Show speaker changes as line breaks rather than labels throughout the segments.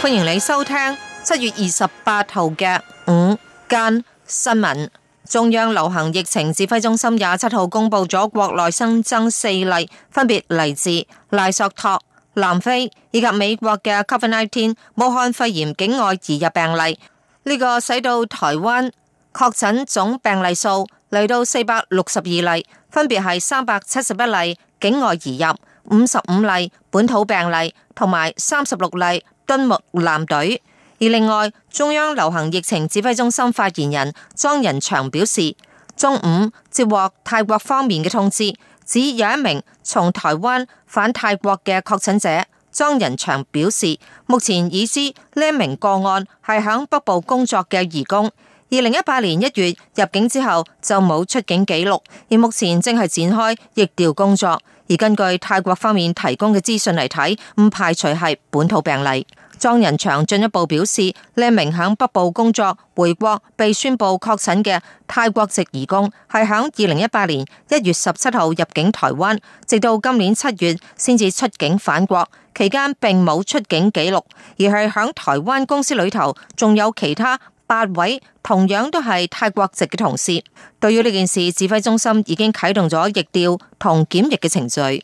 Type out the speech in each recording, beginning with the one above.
歡迎你收聽七月二十八號嘅午間新聞。中央流行疫情指揮中心廿七號公布咗國內新增四例，分別嚟自賴索托、南非以及美國嘅 COVID-19 武漢肺炎境外移入病例。呢個使到台灣確診總病例數嚟到四百六十二例，分別係三百七十一例境外移入，五十五例本土病例，同埋三十六例。敦木蘭隊。而另外，中央流行疫情指揮中心發言人莊人祥表示，中午接獲泰國方面嘅通知，指有一名從台灣返泰國嘅確診者。莊人祥表示，目前已知呢名個案係喺北部工作嘅移工，二零一八年一月入境之後就冇出境記錄，而目前正係展開疫調工作。而根據泰國方面提供嘅資訊嚟睇，唔排除係本土病例。莊人祥進一步表示，呢名響北部工作、回國被宣布確診嘅泰國籍移工，係響二零一八年一月十七號入境台灣，直到今年七月先至出境返國，期間並冇出境記錄，而係響台灣公司裏頭，仲有其他八位同樣都係泰國籍嘅同事。對於呢件事，指揮中心已經啟動咗疫調同檢疫嘅程序。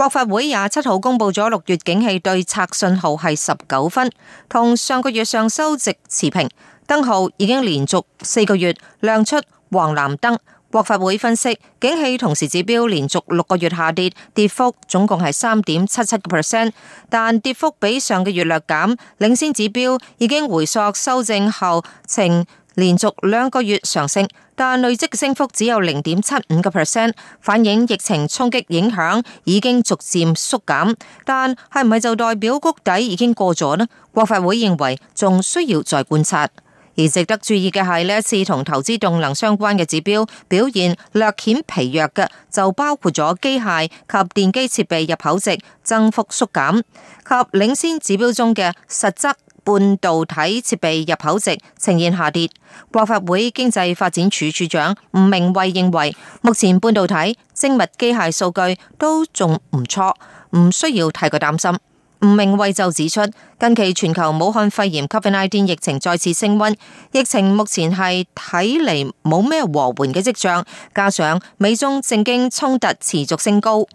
國發會廿七號公布咗六月景氣對策信號係十九分，同上個月上收值持平，燈號已經連續四個月亮出黃藍燈。國發會分析，景氣同時指標連續六個月下跌，跌幅總共係三點七七個 percent，但跌幅比上個月略減，領先指標已經回溯修正後呈。連續兩個月上升，但累積升幅只有零點七五個 percent，反映疫情衝擊影響已經逐漸縮減。但係唔係就代表谷底已經過咗呢？國發會認為仲需要再觀察。而值得注意嘅係呢一次同投資動能相關嘅指標表現略顯疲弱嘅，就包括咗機械及電機設備入口值增幅縮減及領先指標中嘅實質半導體設備入口值呈現下跌，國發會經濟發展處處長吳明慧認為，目前半導體、精密機械數據都仲唔錯，唔需要太過擔心。吳明慧就指出，近期全球武漢肺炎 COVID-19 疫情再次升溫，疫情目前係睇嚟冇咩和緩嘅跡象，加上美中政經衝突持續升高，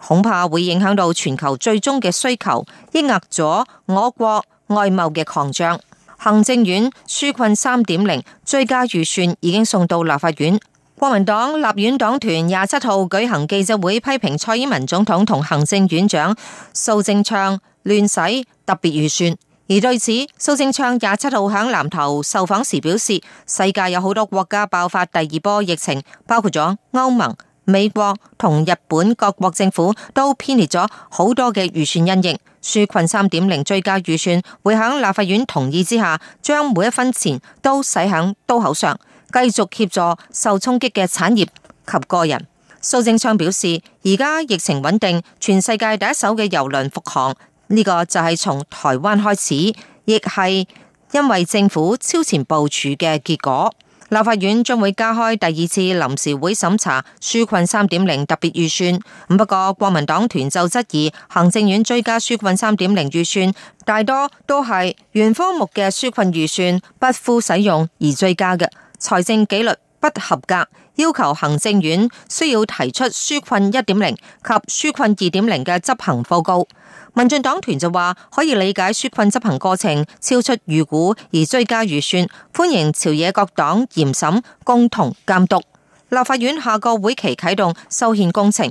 恐怕會影響到全球最終嘅需求，抑壓咗我國，外貿嘅狂漲，行政院紓困三點零追加預算已經送到立法院。國民黨立院黨團廿七號舉行記者會，批評蔡英文總統同行政院長蘇貞昌亂使特別預算。而對此，蘇貞昌廿七號響南投受訪時表示，世界有好多國家爆發第二波疫情，包括咗歐盟。美國同日本各國政府都編列咗好多嘅預算因應，紓困三點零追加預算會喺立法院同意之下，將每一分錢都使喺刀口上，繼續協助受衝擊嘅產業及個人。蘇貞昌表示，而家疫情穩定，全世界第一艘嘅郵輪復航，呢、這個就係從台灣開始，亦係因為政府超前部署嘅結果。立法院將會加開第二次臨時會審查紓困三點零特別預算，不過國民黨團就質疑，行政院追加紓困三點零預算大多都係原科目嘅紓困預算不敷使用而追加嘅財政紀律。不合格，要求行政院需要提出紓困一點零及紓困二點零嘅執行報告。民進黨團就話可以理解紓困執行過程超出預估而追加預算，歡迎朝野各黨嚴審，共同監督。立法院下個會期啟動修憲工程，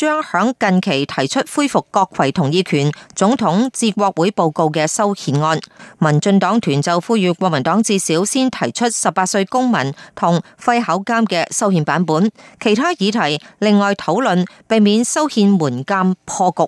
將響近期提出恢復閣揆同意權、總統至國會報告嘅修憲案，民進黨團就呼籲國民黨至少先提出十八歲公民同廢考監嘅修憲版本，其他議題另外討論，避免修憲門檻破局。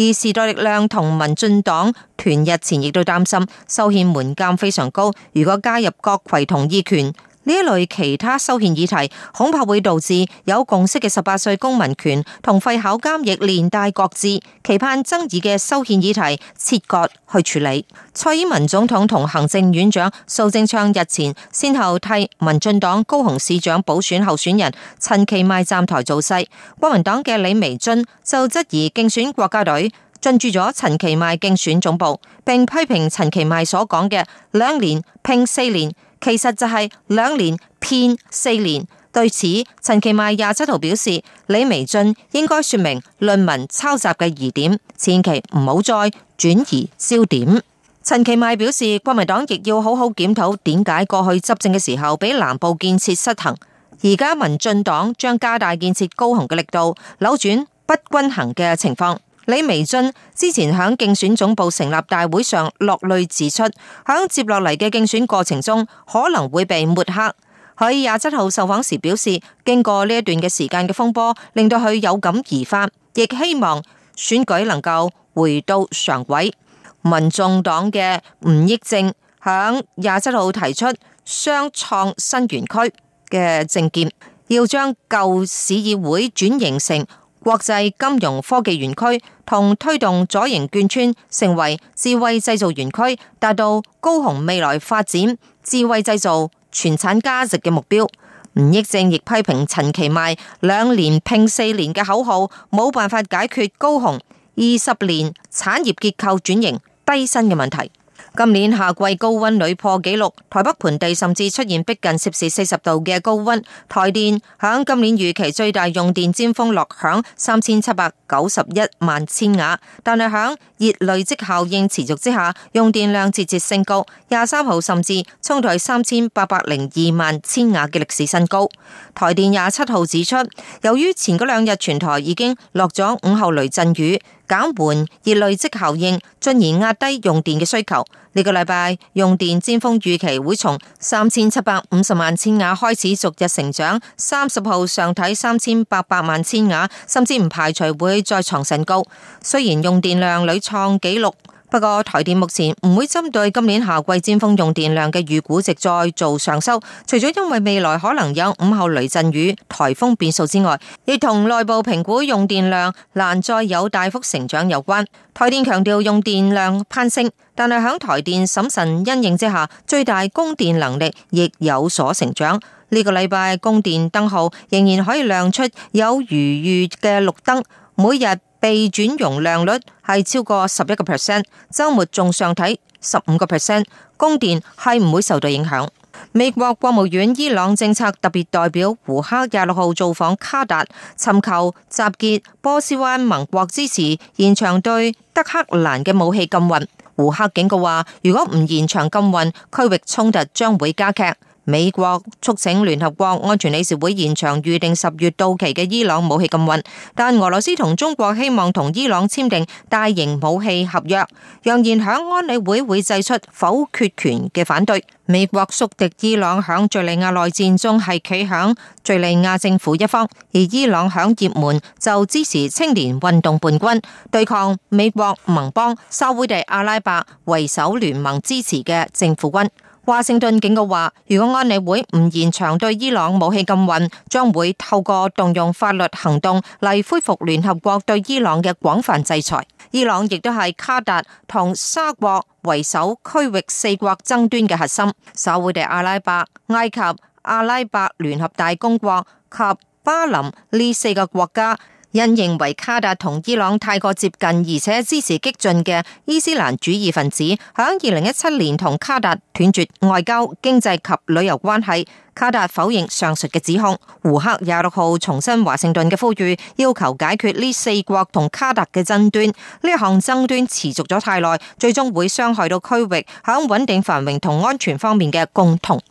而時代力量同民進黨團日前亦都擔心修憲門檻非常高，如果加入閣揆同意權。呢一類其他修憲議題恐怕會導致有共識嘅十八歲公民權同廢考監亦連帶擱置，期盼爭議嘅修憲議題切割去處理。蔡英文總統同行政院長蘇貞昌日前先後替民進黨高雄市長補選候選人陳其邁站台造勢，國民黨嘅李眉蓁就質疑競選國家隊。進駐咗陳其邁競選總部，並批評陳其邁所講嘅兩年拼四年，其實就係兩年騙四年。對此，陳其邁廿七號表示，李眉蓁應該說明論文抄襲嘅疑點，千祈唔好再轉移焦點。陳其邁表示，國民黨亦要好好檢討點解過去執政嘅時候俾南部建設失衡，而家民進黨將加大建設高雄嘅力度，扭轉不均衡嘅情況。李眉蓁之前喺競選總部成立大會上落淚，指出喺接落嚟嘅競選過程中可能會被抹黑。喺廿七號受訪時表示，經過呢一段嘅時間嘅風波，令到佢有感而發，亦希望選舉能夠回到常軌。民眾黨嘅吳益政喺廿七號提出雙創新園區嘅政見，要將舊市議會轉型成國際金融科技園區同推動左營眷村成為智慧製造園區，達到高雄未來發展智慧製造全產價值嘅目標。吳益政亦批評陳其邁兩年拼四年嘅口號，冇辦法解決高雄二十年產業結構轉型低薪嘅問題。今年夏季高溫屢破紀錄，台北盆地甚至出現逼近攝氏四十度嘅高溫。台電響今年預期最大用電尖峰落響三千七百九十一萬千瓦，但係響熱累積效應持續之下，用電量節節升高，廿三號甚至衝到三千八百零二萬千瓦嘅歷史新高。台電廿七號指出，由於前嗰兩日全台已經落咗午後雷陣雨。減緩而累積效應，進而壓低用電嘅需求。呢、這個禮拜用電尖峰預期會從三千七百五十萬千瓦開始逐日成長，三十號上睇三千八百萬千瓦，甚至唔排除會再創新高。雖然用電量屢創紀錄。不過台電目前唔會針對今年夏季尖峰用電量嘅預估值再做上修。除咗因為未來可能有午後雷陣雨、颱風變數之外，亦同內部評估用電量難再有大幅成長有關。台電強調用電量攀升，但係響台電審慎因應之下，最大供電能力亦有所成長。呢、這個禮拜供電燈號仍然可以亮出有餘裕嘅綠燈，每日。被轉容量率係超過十一個 percent，周末仲上睇十五個 percent，供電係唔會受到影響。美國國務院伊朗政策特別代表胡克廿六號造訪卡達，尋求集結波斯灣盟國支持延長對德黑蘭嘅武器禁運。胡克警告話，如果唔延長禁運，區域衝突將會加劇。美國促請聯合國安全理事會延長預定十月到期嘅伊朗武器禁運，但俄羅斯同中國希望同伊朗簽訂大型武器合約，揚言響安理會會制出否決權嘅反對。美國宿敵伊朗響敘利亞內戰中係企響敘利亞政府一方，而伊朗響葉門就支持青年運動叛軍，對抗美國盟邦、沙烏地阿拉伯為首聯盟支持嘅政府軍。華盛頓警告話，如果安理會唔延長對伊朗武器禁運，將會透過動用法律行動嚟恢復聯合國對伊朗嘅廣泛制裁。伊朗亦都係卡達同沙國為首區域四國爭端嘅核心，沙烏地阿拉伯、埃及、阿拉伯聯合大公國及巴林呢四個國家。因認為卡達同伊朗太過接近，而且支持激進嘅伊斯蘭主義分子，響二零一七年同卡達斷絕外交、經濟及旅遊關係。卡達否認上述嘅指控。胡克廿六號重申華盛頓嘅呼籲，要求解決呢四國同卡達嘅爭端。呢一項爭端持續咗太耐，最終會傷害到區域響穩定、繁榮同安全方面嘅共同。